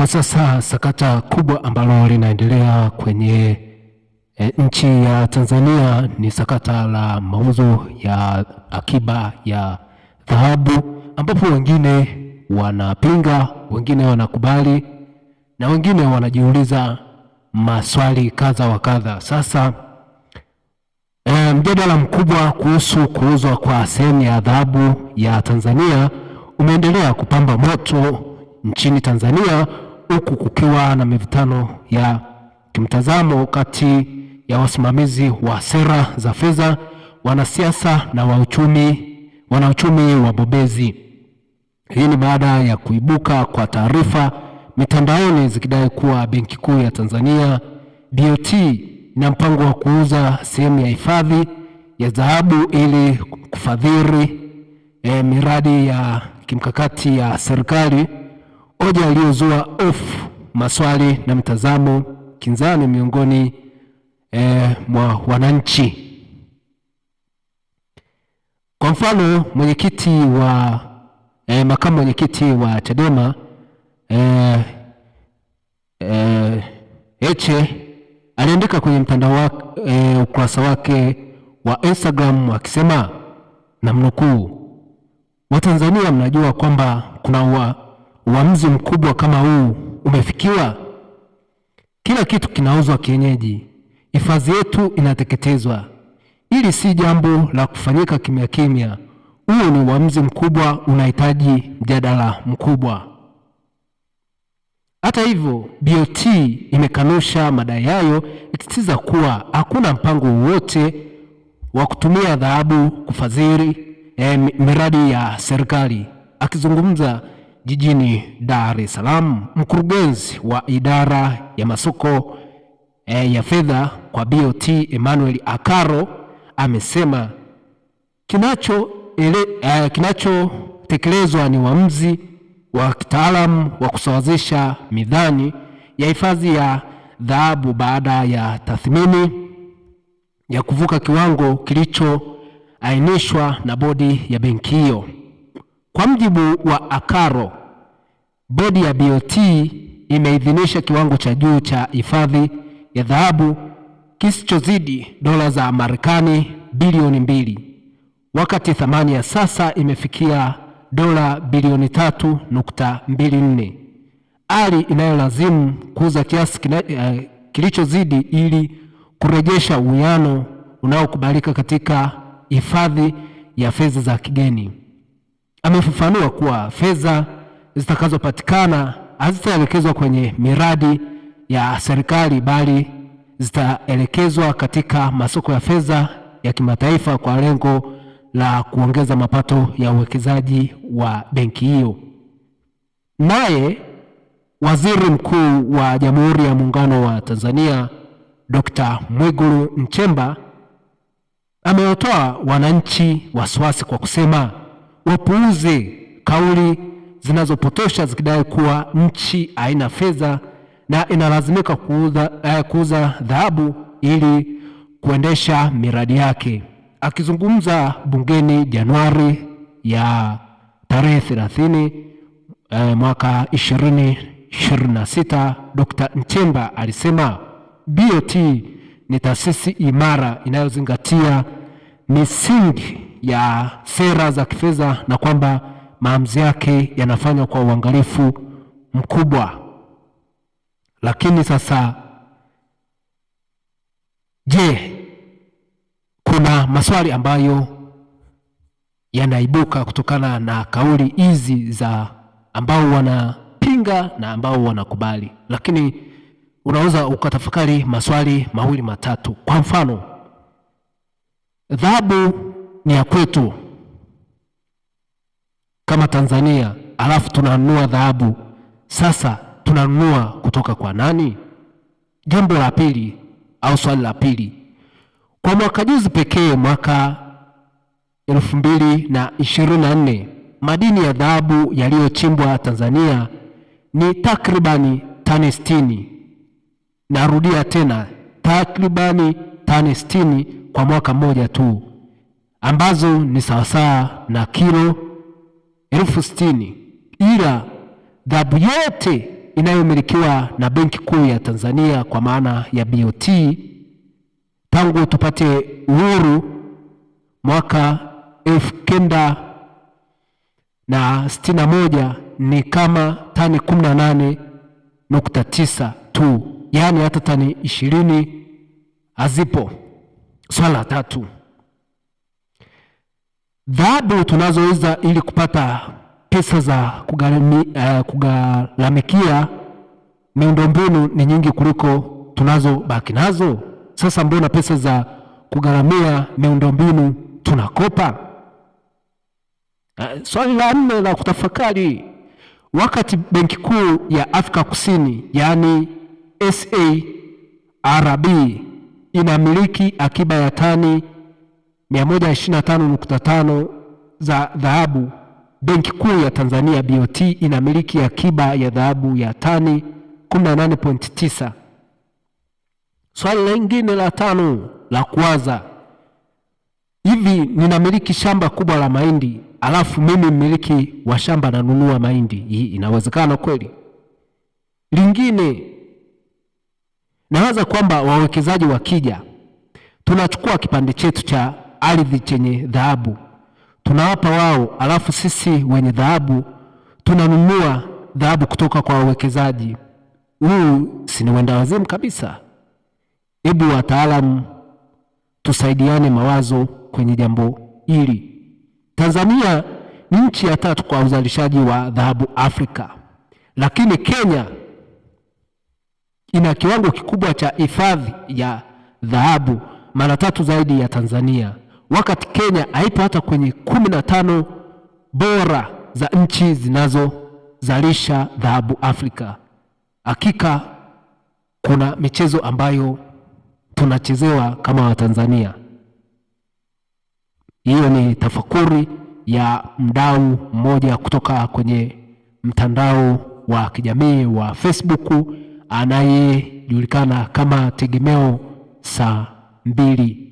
Kwa sasa sakata kubwa ambalo linaendelea kwenye e, nchi ya Tanzania ni sakata la mauzo ya akiba ya dhahabu, ambapo wengine wanapinga, wengine wanakubali na wengine wanajiuliza maswali kadha wa kadha. Sasa e, mjadala mkubwa kuhusu kuuzwa kwa sehemu ya dhahabu ya Tanzania umeendelea kupamba moto nchini Tanzania huku kukiwa na mivutano ya kimtazamo kati ya wasimamizi wa sera za fedha, wanasiasa na wauchumi, wanauchumi wabobezi. Hii ni baada ya kuibuka kwa taarifa mitandaoni zikidai kuwa Benki Kuu ya Tanzania BOT ina mpango wa kuuza sehemu ya hifadhi ya dhahabu ili kufadhili e, miradi ya kimkakati ya serikali hoja iliyozua ofu, maswali na mtazamo kinzani miongoni e, mwa wananchi. Kwa mfano mwenyekiti wa e, makamu mwenyekiti wa Chadema e, e, Heche aliandika kwenye mtandao wake e, ukurasa wake wa Instagram akisema, namnukuu, Watanzania mnajua kwamba kuna wa, uamuzi mkubwa kama huu umefikiwa? Kila kitu kinauzwa kienyeji, hifadhi yetu inateketezwa. Hili si jambo la kufanyika kimya kimya. Huo ni uamuzi mkubwa, unahitaji mjadala mkubwa. Hata hivyo, BOT imekanusha madai hayo, ikisitiza kuwa hakuna mpango wowote wa kutumia dhahabu kufadhili eh, miradi ya serikali. Akizungumza jijini Dar es Salaam, mkurugenzi wa idara ya masoko e, ya fedha kwa BOT Emmanuel Akaro amesema kinachotekelezwa e, kinacho eh, ni uamuzi wa kitaalamu wa kusawazisha midhani ya hifadhi ya dhahabu baada ya tathmini ya kuvuka kiwango kilichoainishwa na bodi ya benki hiyo. Kwa mjibu wa Akaro, Bodi ya BOT imeidhinisha kiwango cha juu cha hifadhi ya dhahabu kisichozidi dola za Marekani bilioni mbili wakati thamani ya sasa imefikia dola bilioni tatu nukta mbili nne hali inayolazimu kuuza kiasi uh, kilichozidi ili kurejesha uwiano unaokubalika katika hifadhi ya fedha za kigeni. Amefafanua kuwa fedha zitakazopatikana hazitaelekezwa kwenye miradi ya serikali bali zitaelekezwa katika masoko ya fedha ya kimataifa kwa lengo la kuongeza mapato ya uwekezaji wa benki hiyo. Naye Waziri Mkuu wa Jamhuri ya Muungano wa Tanzania Dkt. Mwigulu Nchemba ameotoa wananchi wasiwasi kwa kusema wapuuze kauli zinazopotosha zikidai kuwa nchi haina fedha na inalazimika kuuza, eh, kuuza dhahabu ili kuendesha miradi yake. Akizungumza bungeni Januari ya tarehe 30 eh, mwaka 2026, Dr. Nchemba alisema BOT ni taasisi imara inayozingatia misingi ya sera za kifedha na kwamba maamuzi yake yanafanywa kwa uangalifu mkubwa. Lakini sasa, je, kuna maswali ambayo yanaibuka kutokana na kauli hizi za ambao wanapinga na ambao wanakubali, lakini unaweza ukatafakari maswali mawili matatu. Kwa mfano, dhahabu ni ya kwetu kama Tanzania, alafu tunanunua dhahabu. Sasa tunanunua kutoka kwa nani? Jambo la pili au swali la pili, kwa mwaka juzi pekee, mwaka elfu mbili na ishirini na nne madini ya dhahabu yaliyochimbwa Tanzania ni takribani tani sitini. Narudia tena, takribani tani sitini kwa mwaka mmoja tu, ambazo ni sawasawa na kilo elfu sitini ila dhahabu yote inayomilikiwa na Benki Kuu ya Tanzania kwa maana ya BOT tangu tupate uhuru mwaka elfu kenda na sitini na moja ni kama tani nukta tisa tu, yaani hata tani ishirini hazipo. Swala la tatu dhabu tunazoweza ili kupata pesa za kugharamikia eh, uh, miundombinu ni nyingi kuliko tunazobaki nazo. Sasa mbona pesa za kugharamia miundombinu tunakopa? Uh, swali la nne la kutafakari, wakati Benki Kuu ya Afrika Kusini yaani SARB inamiliki akiba ya tani 125.5 za dhahabu, Benki Kuu ya Tanzania BOT inamiliki akiba ya dhahabu ya tani 18.9. Swali lingine la tano la kuwaza, hivi ninamiliki shamba kubwa la mahindi alafu mimi mmiliki wa shamba nanunua mahindi, hii inawezekana kweli? Lingine nawaza kwamba wawekezaji wakija, tunachukua kipande chetu cha ardhi chenye dhahabu, tunawapa wao, alafu sisi wenye dhahabu tunanunua dhahabu kutoka kwa wawekezaji. Huu si ni wenda wazimu kabisa. Hebu wataalamu tusaidiane mawazo kwenye jambo hili. Tanzania ni nchi ya tatu kwa uzalishaji wa dhahabu Afrika, lakini Kenya ina kiwango kikubwa cha hifadhi ya dhahabu, mara tatu zaidi ya Tanzania wakati Kenya haipo hata kwenye kumi na tano bora za nchi zinazozalisha dhahabu Afrika. Hakika kuna michezo ambayo tunachezewa kama Watanzania. Hiyo ni tafakuri ya mdau mmoja kutoka kwenye mtandao wa kijamii wa Facebook anayejulikana kama Tegemeo saa mbili.